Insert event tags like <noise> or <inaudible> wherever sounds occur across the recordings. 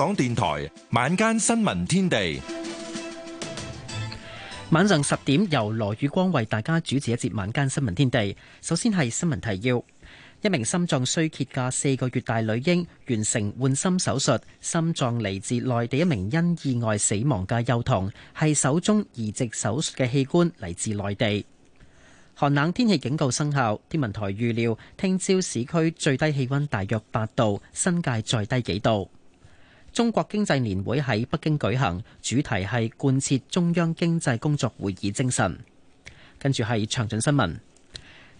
港電台晚間新聞天地，晚上十點由羅宇光為大家主持一節晚間新聞天地。首先係新聞提要：一名心臟衰竭嘅四個月大女嬰完成換心手術，心臟嚟自內地一名因意外死亡嘅幼童，係首宗移植手術嘅器官嚟自內地。寒冷天氣警告生效，天文台預料聽朝市區最低氣溫大約八度，新界再低幾度。中國經濟年會喺北京舉行，主題係貫徹中央經濟工作會議精神。跟住係詳盡新聞：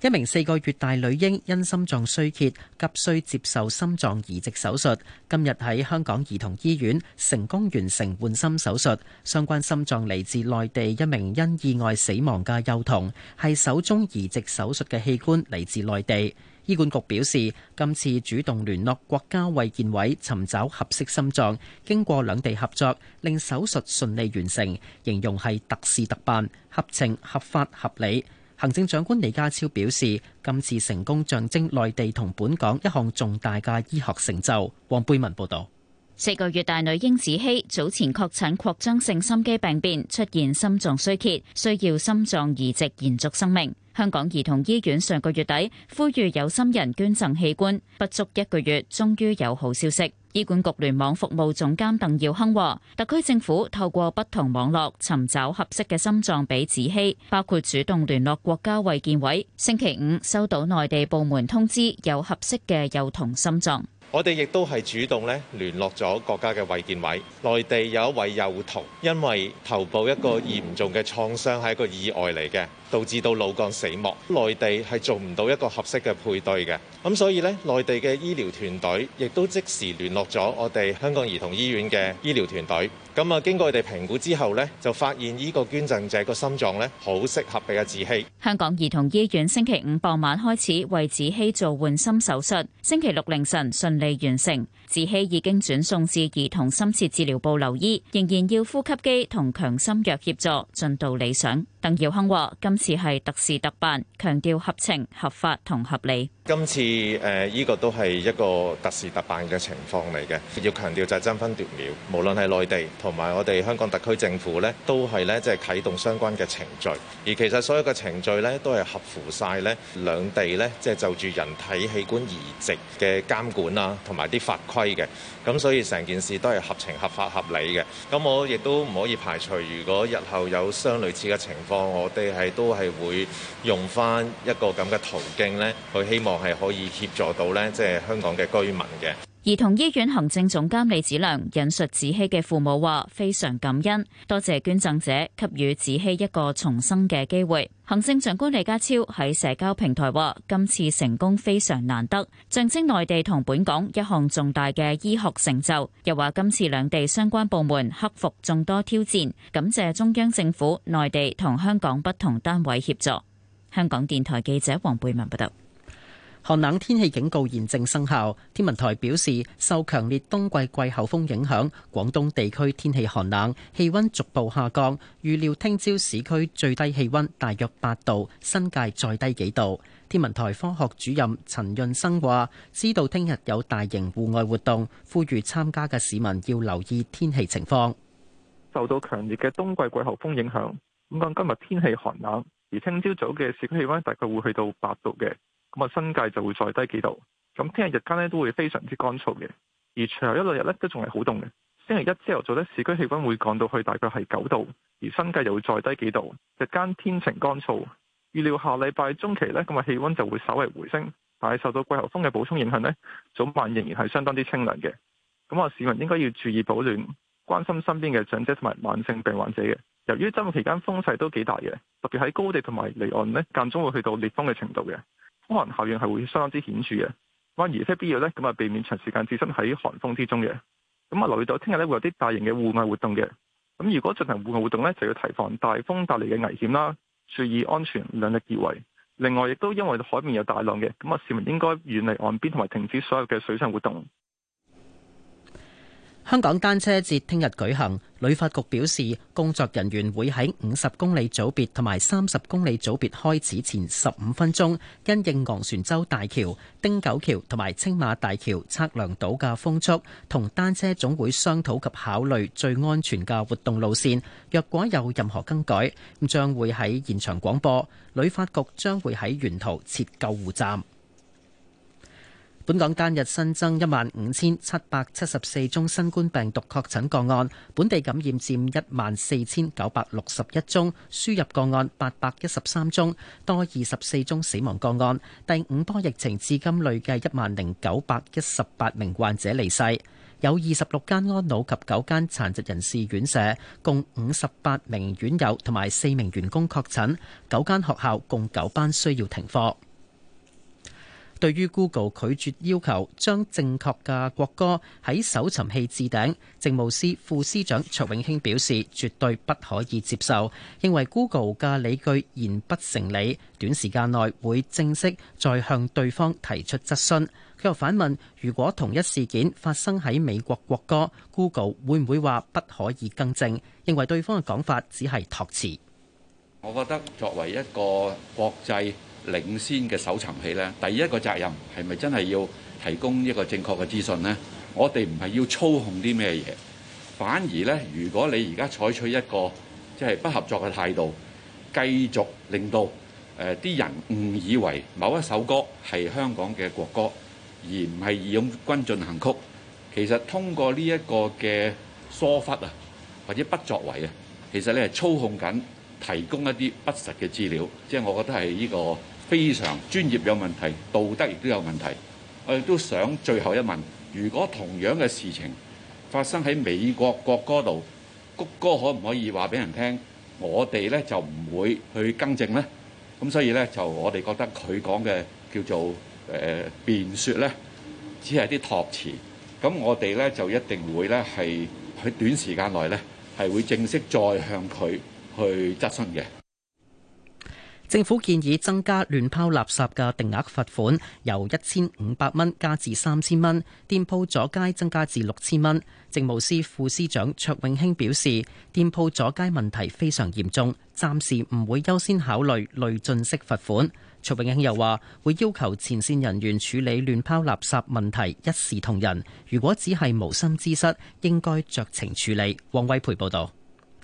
一名四個月大女嬰因心臟衰竭，急需接受心臟移植手術。今日喺香港兒童醫院成功完成換心手術。相關心臟嚟自內地，一名因意外死亡嘅幼童，係首宗移植手術嘅器官嚟自內地。醫管局表示，今次主動聯絡國家衞健委尋找合適心臟，經過兩地合作，令手術順利完成，形容係特事特辦、合情合法合理。行政長官李家超表示，今次成功象徵內地同本港一項重大嘅醫學成就。黃貝文報導。四個月大女嬰子希早前確診擴張性心肌病變，出現心臟衰竭，需要心臟移植延續生命。香港兒童醫院上個月底呼籲有心人捐贈器官，不足一個月，終於有好消息。醫管局聯網服務總監鄧耀鏗話，特區政府透過不同網絡尋找合適嘅心臟俾子希，包括主動聯絡國家衞健委。星期五收到內地部門通知，有合適嘅幼童心臟。我哋亦都係主動咧聯絡咗國家嘅衞健委，內地有一位幼童因為頭部一個嚴重嘅創傷係一個意外嚟嘅。導致到腦幹死亡，內地係做唔到一個合適嘅配對嘅，咁，所以呢內地嘅醫療團隊亦都即時聯絡咗我哋香港兒童醫院嘅醫療團隊。咁啊，經過佢哋評估之後呢，就發現呢個捐贈者個心臟呢好適合俾阿子希。香港兒童醫院星期五傍晚開始為子希做換心手術，星期六凌晨順利完成。子希已經轉送至兒童深切治療部留醫，仍然要呼吸機同強心藥協助，進度理想。鄧耀亨話：今次係特事特辦，強調合情、合法同合理。今次誒，呢個都係一個特事特辦嘅情況嚟嘅。要強調就係爭分奪秒，無論係內地同埋我哋香港特區政府呢都係呢，即係啟動相關嘅程序。而其實所有嘅程序呢，都係合乎晒呢兩地呢，即係就住、是、人體器官移植嘅監管啊，同埋啲法規嘅。咁所以成件事都係合情、合法、合理嘅。咁我亦都唔可以排除，如果日後有相類似嘅情況，我哋係都係會用翻一個咁嘅途徑呢，去希望係可以協助到呢，即係香港嘅居民嘅。兒童醫院行政總監李子良引述子希嘅父母話：非常感恩，多謝捐贈者給予子希一個重生嘅機會。行政長官李家超喺社交平台話：今次成功非常難得，象徵內地同本港一項重大嘅醫學成就。又話今次兩地相關部門克服眾多挑戰，感謝中央政府、內地同香港不同單位協助。香港電台記者黃貝文報道。寒冷天氣警告現正生效。天文台表示，受強烈冬季季候風影響，廣東地區天氣寒冷，氣温逐步下降。預料聽朝市區最低氣温大約八度，新界再低幾度。天文台科學主任陳潤生話，知道聽日有大型戶外活動，呼籲參加嘅市民要留意天氣情況。受到強烈嘅冬季季候風影響，咁今日天氣寒冷，而聽朝早嘅市區氣温大概會去到八度嘅。咁啊，新界就會再低幾度。咁聽日日間咧都會非常之乾燥嘅，而隨後一兩日咧都仲係好凍嘅。星期一朝頭早咧，市區氣温會降到去大概係九度，而新界又會再低幾度。日間天晴乾燥，預料下禮拜中期咧，咁啊氣温就會稍為回升，但係受到季候風嘅補充影響咧，早晚仍然係相當之清涼嘅。咁啊，市民應該要注意保暖，關心身邊嘅長者同埋慢性病患者嘅。由於周末期間風勢都幾大嘅，特別喺高地同埋離岸咧，間中會去到烈風嘅程度嘅。風寒效應係會相當之顯著嘅，咁而非必要咧，咁啊避免長時間置身喺寒風之中嘅。咁啊留意到，聽日咧會有啲大型嘅戶外活動嘅。咁如果進行戶外活動咧，就要提防大風帶嚟嘅危險啦，注意安全，量力而為。另外，亦都因為海面有大浪嘅，咁啊市民應該遠離岸邊同埋停止所有嘅水上活動。香港單車節聽日舉行，旅發局表示工作人員會喺五十公里組別同埋三十公里組別開始前十五分鐘，因應昂船洲大橋、汀九橋同埋青馬大橋測量到嘅風速，同單車總會商討及考慮最安全嘅活動路線。若果有任何更改，將會喺現場廣播。旅發局將會喺沿途設救護站。本港單日新增一萬五千七百七十四宗新冠病毒確診個案，本地感染佔一萬四千九百六十一宗，輸入個案八百一十三宗，多二十四宗死亡個案。第五波疫情至今累計一萬零九百一十八名患者離世。有二十六間安老及九間殘疾人士院舍，共五十八名院友同埋四名員工確診。九間學校共九班需要停課。對於 Google 拒絕要求將正確嘅國歌喺搜尋器置頂，政務司副司長卓永興表示絕對不可以接受，認為 Google 嘅理據言不成理，短時間內會正式再向對方提出質詢。佢又反問：如果同一事件發生喺美國國歌，Google 會唔會話不可以更正？認為對方嘅講法只係託詞。我覺得作為一個國際領先嘅搜尋器咧，第一個責任係咪真係要提供一個正確嘅資訊咧？我哋唔係要操控啲咩嘢，反而咧，如果你而家採取一個即係、就是、不合作嘅態度，繼續令到誒啲、呃、人誤以為某一首歌係香港嘅國歌，而唔係義勇軍進行曲，其實通過呢一個嘅疏忽啊，或者不作為啊，其實你係操控緊提供一啲不實嘅資料，即係我覺得係呢、這個。非常專業有問題，道德亦都有問題。我哋都想最後一問：如果同樣嘅事情發生喺美國國歌度，谷歌可唔可以話俾人聽？我哋呢就唔會去更正呢。咁所以呢就我哋覺得佢講嘅叫做誒辯説呢，只係啲託詞。咁我哋呢就一定會呢係喺短時間內呢係會正式再向佢去質詢嘅。政府建議增加亂拋垃圾嘅定額罰款，由一千五百蚊加至三千蚊；店鋪阻街增加至六千蚊。政務司副司長卓永興表示，店鋪阻街問題非常嚴重，暫時唔會優先考慮累進式罰款。卓永興又話，會要求前線人員處理亂拋垃圾問題一視同仁。如果只係無心之失，應該酌情處理。王惠培報導。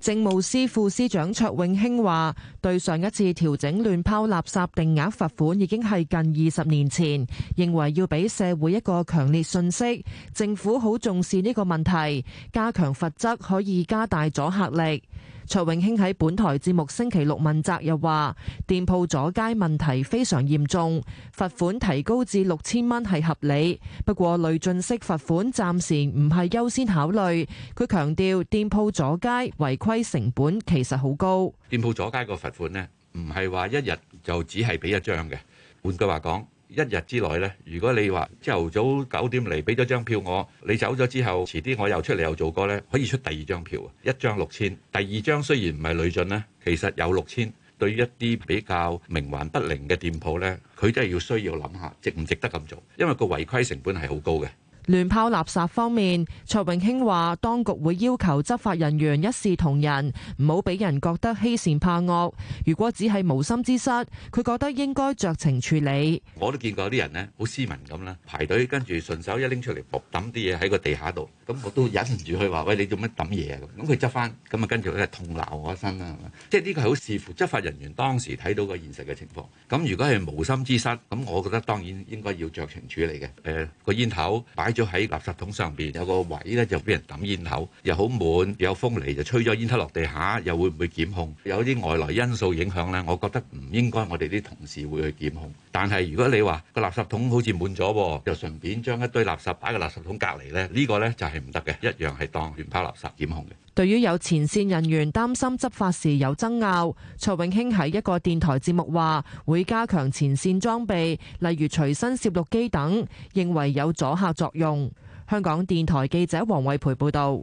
政務司副司長卓永興話，對上一次調整亂拋垃圾定額罰款已經係近二十年前，認為要俾社會一個強烈信息，政府好重視呢個問題，加強罰則可以加大阻嚇力。卓永興喺本台節目星期六問責又話，店鋪阻街問題非常嚴重，罰款提高至六千蚊係合理。不過累進式罰款暫時唔係優先考慮。佢強調，店鋪阻街違規成本其實好高。店鋪阻街個罰款呢，唔係話一日就只係俾一張嘅。換句話講，一日之內呢，如果你話朝頭早九點嚟俾咗張票我，你走咗之後，遲啲我又出嚟又做過呢，可以出第二張票，一張六千，第二張雖然唔係累進呢，其實有六千。對於一啲比較冥頑不靈嘅店鋪呢，佢真係要需要諗下值唔值得咁做，因為個違規成本係好高嘅。亂拋垃圾方面，卓永興話：當局會要求執法人員一視同仁，唔好俾人覺得欺善怕惡。如果只係無心之失，佢覺得應該酌情處理。我都見過啲人呢，好斯文咁啦，排隊跟住順手一拎出嚟，抌啲嘢喺個地下度。咁我都忍唔住去話喂，你做乜抌嘢咁，佢執翻，咁啊跟住咧痛鬧我一身啦，即係呢個係好視乎執法人員當時睇到個現實嘅情況。咁如果係無心之失，咁我覺得當然應該要酌情處理嘅。誒、呃個煙頭擺咗喺垃圾桶上面，有個位呢就俾人抌煙頭，又好滿，有風嚟就吹咗煙頭落地下，又會唔會檢控？有啲外來因素影響呢，我覺得唔應該我哋啲同事會去檢控。但係如果你話、個垃圾桶好似滿咗喎，又順便將一堆垃圾擺個垃圾桶隔離呢，呢、呢個呢就係唔得嘅，一樣係當亂拋垃圾檢控嘅。對於有前線人員擔心執法時有爭拗，曹永興喺一個電台節目話會加強前線裝備，例如隨身攝錄機等，認為有阻嚇作用。香港電台記者黃惠培報道。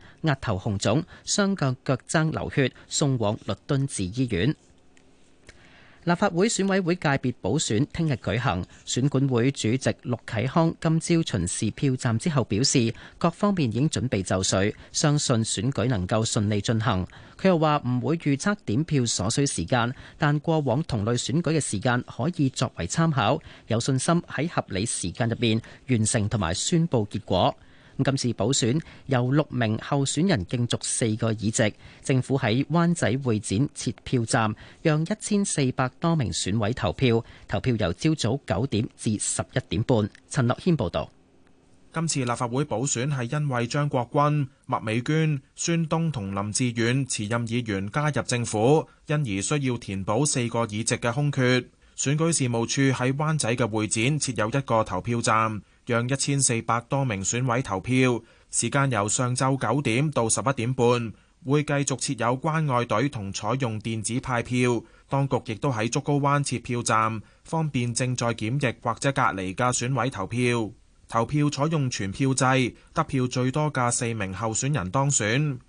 額頭紅腫，雙腳腳踭流血，送往律敦治醫院。立法會選委會界別補選聽日舉行，選管會主席陸啟康今朝巡視票站之後表示，各方面已經準備就緒，相信選舉能夠順利進行。佢又話唔會預測點票所需時間，但過往同類選舉嘅時間可以作為參考，有信心喺合理時間入面完成同埋宣布結果。今次補選由六名候選人競逐四個議席，政府喺灣仔會展設票站，讓一千四百多名選委投票。投票由朝早九點至十一點半。陳樂謙報道。今次立法會補選係因為張國軍、麥美娟、孫東同林志遠辭任議員加入政府，因而需要填補四個議席嘅空缺。選舉事務處喺灣仔嘅會展設有一個投票站，讓一千四百多名選委投票，時間由上晝九點到十一點半。會繼續設有關愛隊同採用電子派票。當局亦都喺竹篙灣設票站，方便正在檢疫或者隔離嘅選委投票。投票採用全票制，得票最多嘅四名候選人當選。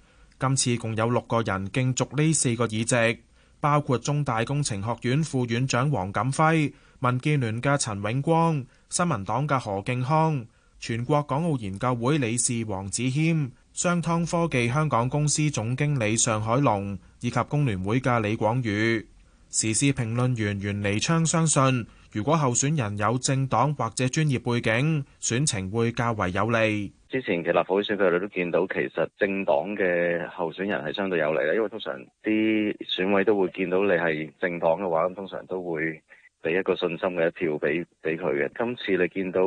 今次共有六個人競逐呢四個議席。包括中大工程學院副院長黃錦輝、民建聯嘅陳永光、新民黨嘅何敬康、全國港澳研究會理事黃子謙、商湯科技香港公司總經理尚海龍以及工聯會嘅李廣宇。時事評論員袁彌昌相信，如果候選人有政黨或者專業背景，選情會較為有利。之前嘅立法會選舉你都見到，其實政黨嘅候選人係相對有利啦，因為通常啲選委都會見到你係政黨嘅話，咁通常都會俾一個信心嘅一票俾俾佢嘅。今次你見到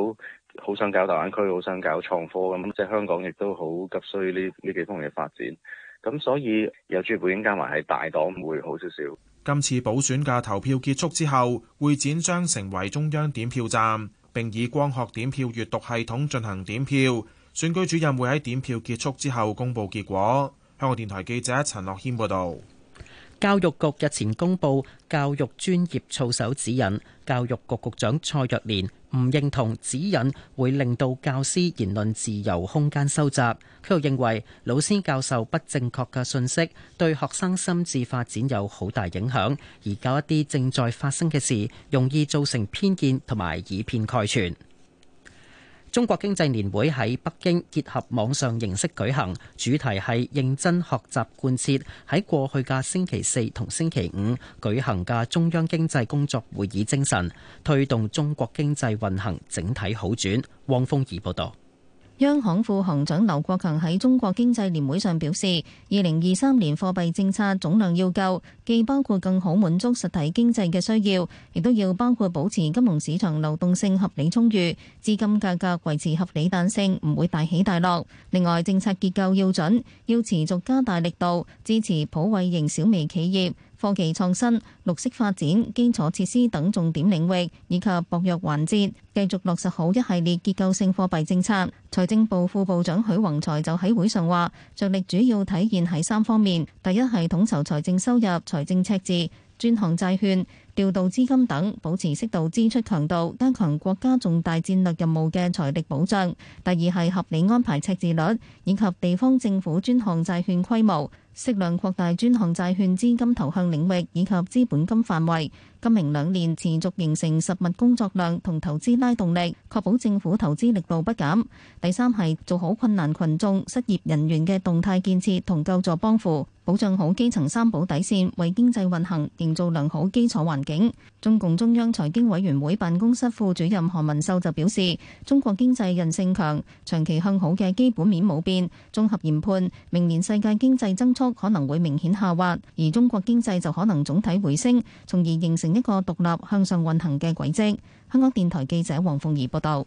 好想搞大灣區，好想搞創科咁，即係香港亦都好急需呢呢幾方面嘅發展。咁所以有專業背景加埋係大黨，會好少少。今次補選嘅投票結束之後，會展將成為中央點票站，並以光學點票閱讀系統進行點票，選舉主任會喺點票結束之後公布結果。香港電台記者陳樂謙報道。教育局日前公布教育專業操守指引，教育局局長蔡若蓮唔認同指引會令到教師言論自由空間收窄，佢又認為，老師教授不正確嘅信息，對學生心智發展有好大影響，而教一啲正在發生嘅事，容易造成偏見同埋以偏概全。中國經濟年會喺北京結合網上形式舉行，主題係認真學習貫徹喺過去嘅星期四同星期五舉行嘅中央經濟工作會議精神，推動中國經濟運行整體好轉。汪峰儀報道。央行副行長劉國強喺中國經濟年會上表示，二零二三年貨幣政策總量要夠，既包括更好滿足實體經濟嘅需要，亦都要包括保持金融市場流動性合理充裕，資金價格維持合理彈性，唔會大起大落。另外，政策結構要準，要持續加大力度支持普惠型小微企業。科技創新、綠色發展、基礎設施等重點領域以及薄弱環節，繼續落實好一系列結構性貨幣政策。財政部副部長許宏才就喺會上話，着力主要體現喺三方面：第一，係統籌財政收入、財政赤字、專項債券、調度資金等，保持適度支出強度，加強國家重大戰略任務嘅財力保障；第二，係合理安排赤字率以及地方政府專項債券規模。適量擴大專項債券資金投向領域以及資本金範圍。今明兩年持續形成實物工作量同投資拉動力，確保政府投資力度不減。第三係做好困難群眾、失業人員嘅動態建設同救助幫扶，保障好基層三保底線，為經濟運行營造良好基礎環境。中共中央財經委員會辦公室副主任韓文秀就表示，中國經濟韌性強，長期向好嘅基本面冇變。綜合研判，明年世界經濟增速可能會明顯下滑，而中國經濟就可能總體回升，從而形成。一個獨立向上運行嘅軌跡。香港電台記者黃鳳儀報道：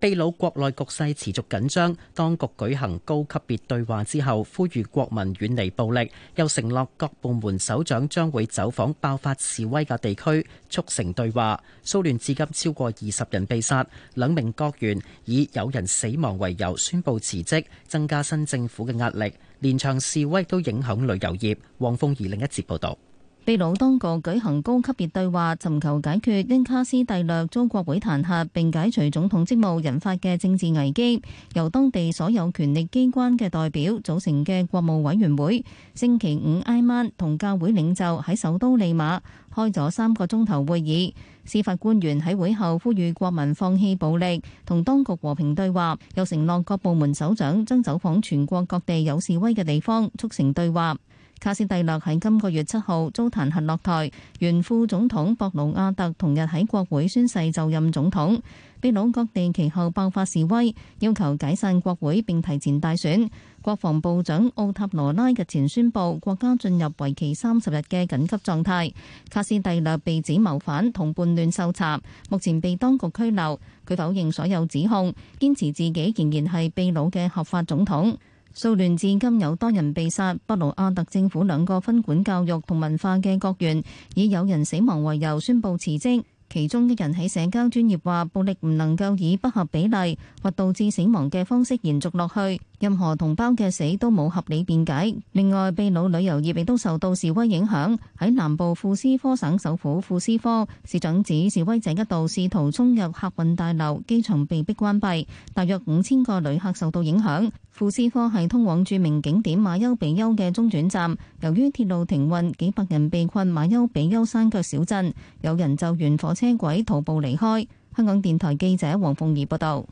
秘魯國內局勢持續緊張，當局舉行高級別對話之後，呼籲國民遠離暴力，又承諾各部門首長將會走訪爆發示威嘅地區，促成對話。騷亂至今超過二十人被殺，兩名閣員以有人死亡為由宣布辭職，增加新政府嘅壓力。連場示威都影響旅遊業。黃鳳儀另一節報道。秘魯當局舉行高級別對話，尋求解決因卡斯蒂略遭國會彈劾並解除總統職務引發嘅政治危機。由當地所有權力機關嘅代表組成嘅國務委員會，星期五挨晚同教會領袖喺首都利馬開咗三個鐘頭會議。司法官員喺會後呼籲國民放棄暴力，同當局和平對話，又承諾各部門首長將走訪全國各地有示威嘅地方，促成對話。卡斯蒂略喺今個月七號遭彈劾落台，原副總統博魯阿特同日喺國會宣誓就任總統。秘魯各地其後爆發示威，要求解散國會並提前大選。國防部長奧塔羅拉日前宣布國家進入為期三十日嘅緊急狀態。卡斯蒂略被指謀反同叛亂受查，目前被當局拘留。佢否認所有指控，堅持自己仍然係秘魯嘅合法總統。騷亂至今有多人被殺，布勞阿特政府，兩個分管教育同文化嘅官員以有人死亡為由宣布辭職，其中一人喺社交專業話：暴力唔能夠以不合比例或導致死亡嘅方式延續落去。任何同胞嘅死都冇合理辯解。另外，秘魯旅遊業亦都受到示威影響，喺南部庫斯科省首府庫斯科，市長指示威者一度試圖衝入客運大樓，機場被迫關閉，大約五千個旅客受到影響。庫斯科係通往著名景點馬丘比丘嘅中轉站，由於鐵路停運，幾百人被困馬丘比丘山腳小鎮，有人就完火車軌徒步離開，香港電台記者黃鳳儀報道。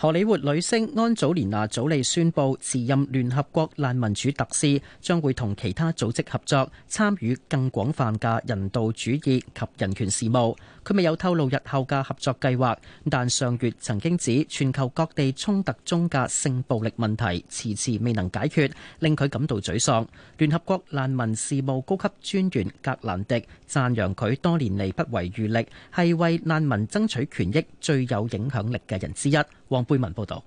荷里活女星安祖蓮娜祖利宣布辭任聯合國難民署特使，將會同其他組織合作，參與更廣泛嘅人道主義及人權事務。佢未有透露日後嘅合作計劃，但上月曾經指全球各地衝突中嘅性暴力問題遲遲未能解決，令佢感到沮喪。聯合國難民事務高級專員格蘭迪讚揚佢多年嚟不遺餘力，係為難民爭取權益最有影響力嘅人之一。黃貝文報導。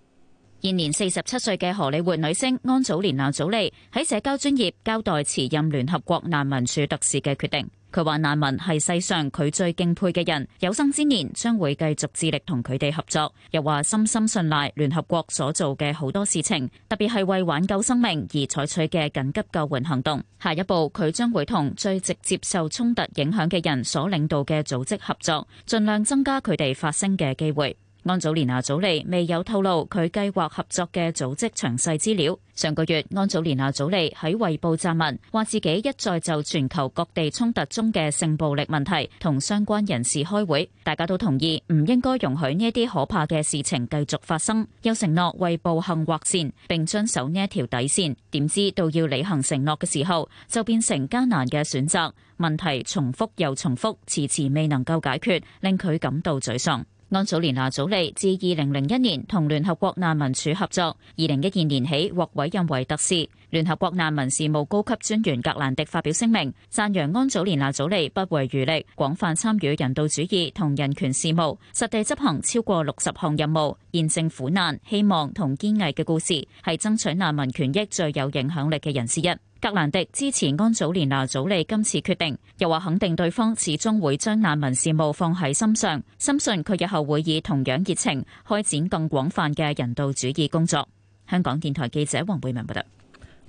現年四十七歲嘅荷里活女星安祖蓮娜祖莉喺社交專頁交代辭任聯合國難民署特使嘅決定。佢話難民係世上佢最敬佩嘅人，有生之年將會繼續致力同佢哋合作。又話深深信賴聯合國所做嘅好多事情，特別係為挽救生命而採取嘅緊急救援行動。下一步，佢將會同最直接受衝突影響嘅人所領導嘅組織合作，盡量增加佢哋發聲嘅機會。安祖蓮娜祖利未有透露佢計劃合作嘅組織詳細資料。上個月，安祖蓮娜祖利喺《衛報》撰文，話自己一再就全球各地衝突中嘅性暴力問題同相關人士開會，大家都同意唔應該容許呢一啲可怕嘅事情繼續發生，又承諾為暴行劃線，並遵守呢一條底線。點知到要履行承諾嘅時候，就變成艱難嘅選擇。問題重複又重複，遲遲未能夠解決，令佢感到沮喪。安祖連娜祖利自二零零一年同聯合國難民署合作，二零一二年起獲委任為特使。聯合國難民事務高級專員格蘭迪發表聲明，讚揚安祖連娜祖利不遺餘力，廣泛參與人道主義同人權事務，實地執行超過六十項任務，見證苦難、希望同堅毅嘅故事，係爭取難民權益最有影響力嘅人之一。格蘭迪支持安祖蓮娜祖莉今次決定，又話肯定對方始終會將難民事務放喺心上，深信佢日後會以同樣熱情開展更廣泛嘅人道主義工作。香港電台記者黃貝文報道。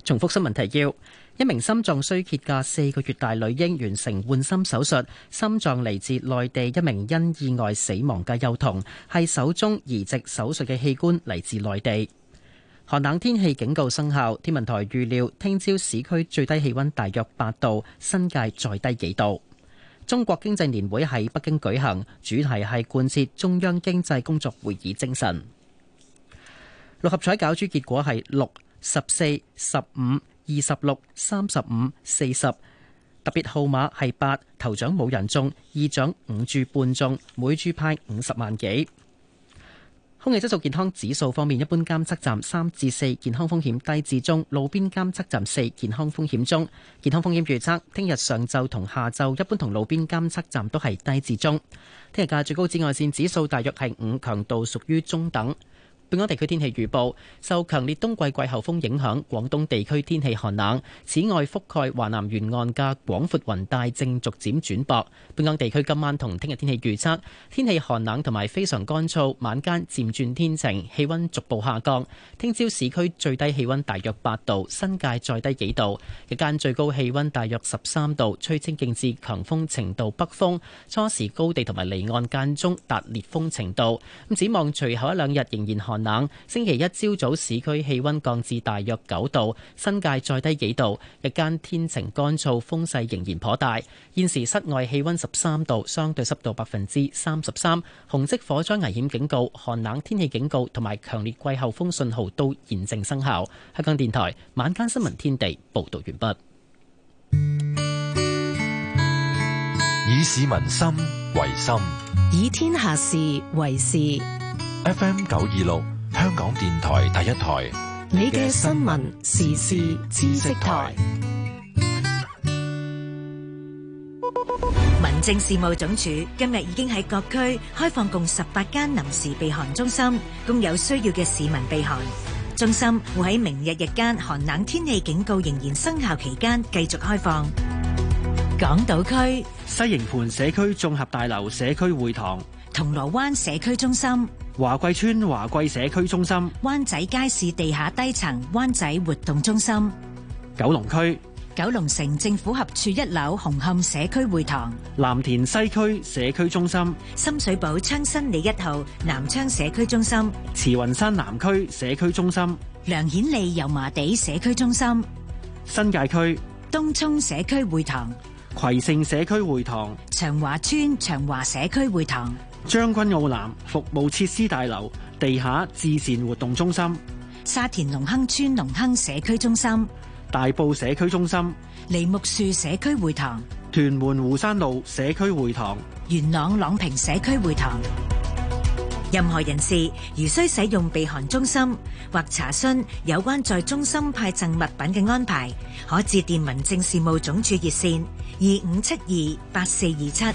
重複新聞提要：一名心臟衰竭嘅四個月大女嬰完成換心手術，心臟嚟自內地一名因意外死亡嘅幼童，係手中移植手術嘅器官嚟自內地。寒冷天氣警告生效，天文台預料聽朝市區最低氣温大約八度，新界再低幾度。中國經濟年會喺北京舉行，主題係貫徹中央經濟工作會議精神。六合彩攪珠結果係六、十四、十五、二十六、三十五、四十，特別號碼係八，頭獎冇人中，二獎五注半中，每注派五十萬幾。空氣質素健康指數方面，一般監測站三至四，健康風險低至中；路邊監測站四，健康風險中。健康風險預測，聽日上晝同下晝，一般同路邊監測站都係低至中。聽日嘅最高紫外線指數大約係五，強度屬於中等。本港地區天氣預報，受強烈冬季季候風影響，廣東地區天氣寒冷。此外，覆蓋華南沿岸嘅廣闊雲帶正逐漸轉薄。本港地區今晚同聽日天氣預測，天氣寒冷同埋非常乾燥，晚間漸轉天晴，氣溫逐步下降。聽朝市區最低氣溫大約八度，新界再低幾度。日間最高氣溫大約十三度，吹清勁至強風程度北風，初時高地同埋離岸間中達烈風程度。咁展望，隨後一兩日仍然寒，寒冷，星期一朝早市區氣溫降至大約九度，新界再低幾度。日間天晴乾燥，風勢仍然頗大。現時室外氣溫十三度，相對濕度百分之三十三。紅色火災危險警告、寒冷天氣警告同埋強烈季候風信號都現正生效。香港電台晚間新聞天地報道完畢。以市民心為心，以天下事為事。FM 九二六，香港電台第一台。你嘅新聞、時事、知識台。民政事務總署今日已經喺各區開放共十八間臨時避寒中心，供有需要嘅市民避寒。中心會喺明日日間寒冷天氣警告仍然生效期間繼續開放。港島區西營盤社區綜合大樓社區會堂、銅鑼灣社區中心。華貴村華貴社區中心、灣仔街市地下低層灣仔活動中心、九龍區、九龍城政府合署一樓紅磡社區會堂、藍田西區社區中心、深水埗昌新里一號南昌社區中心、慈雲山南區社區中心、梁顯利油麻地社區中心、新界區東涌社區會堂、葵盛社區會堂、長華村長華社區會堂。將軍澳南服務設施大樓地下自善活動中心、沙田隆亨村隆亨社區中心、大埔社區中心、梨木樹社區會堂、屯門湖山路社區會堂、元朗朗屏社區會堂。任何人士如需使用避寒中心或查詢有關在中心派贈物品嘅安排，可致電民政事務總署熱線二五七二八四二七。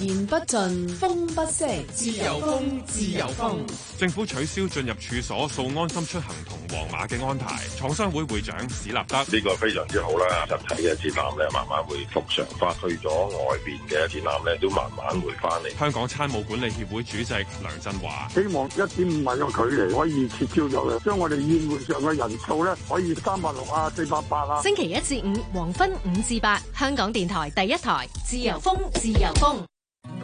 言不盡，風不息，自由風，自由風。政府取消進入處所、掃安心出行同黃碼嘅安排。廠商會會長史立德，呢、這個非常之好啦，集體嘅展覽咧，慢慢會復常發去咗外面嘅展覽咧，都慢慢回翻嚟。香港餐務管理協會主席梁振華，希望一點五米嘅距離可以撤銷咗，將我哋宴會上嘅人數咧，可以三百六啊，四百八啦。星期一至五，黃昏五至八，香港電台第一台，自由風，自由風。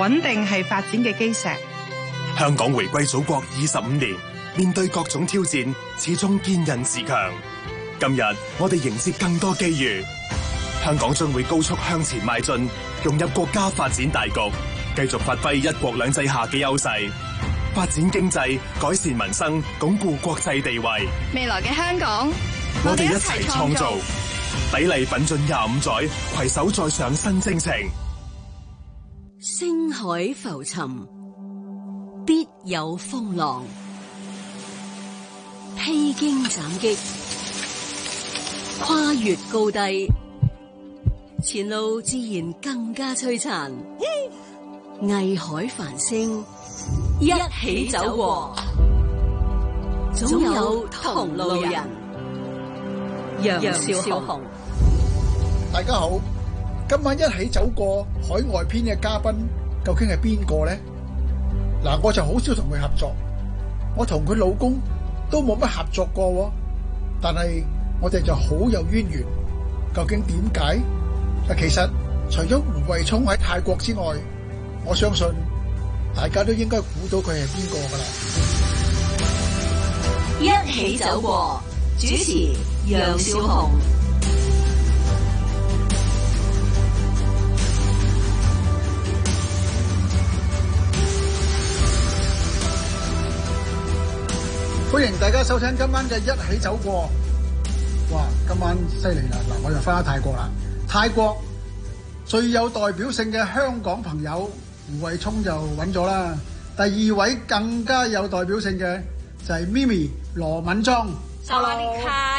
穩定係發展嘅基石。香港回歸祖國二十五年，面對各種挑戰，始終堅韌自強。今日我哋迎接更多機遇，香港將會高速向前邁進，融入國家發展大局，繼續發揮一國兩制下嘅優勢，發展經濟，改善民生，鞏固國際地位。未來嘅香港，我哋一齊創造，砥礪奮進廿五載，攜手再上新征程。星海浮沉，必有風浪；披荊斬棘，跨越高低，前路自然更加璀璨。藝 <laughs> 海繁星，一起走過，總有同路人。楊少，少雄，大家好。今晚一起走過海外篇嘅嘉賓，究竟係邊個咧？嗱，我就好少同佢合作，我同佢老公都冇乜合作過，但係我哋就好有淵源。究竟點解？嗱，其實除咗胡慧聰喺泰國之外，我相信大家都應該估到佢係邊個噶啦。一起走過，主持楊少雄。歡迎大家收聽今晚嘅一起走過。哇，今晚犀利啦！嗱，我又翻咗泰國啦。泰國最有代表性嘅香港朋友胡慧聰就揾咗啦。第二位更加有代表性嘅就係 Mimi 羅敏莊。Hello.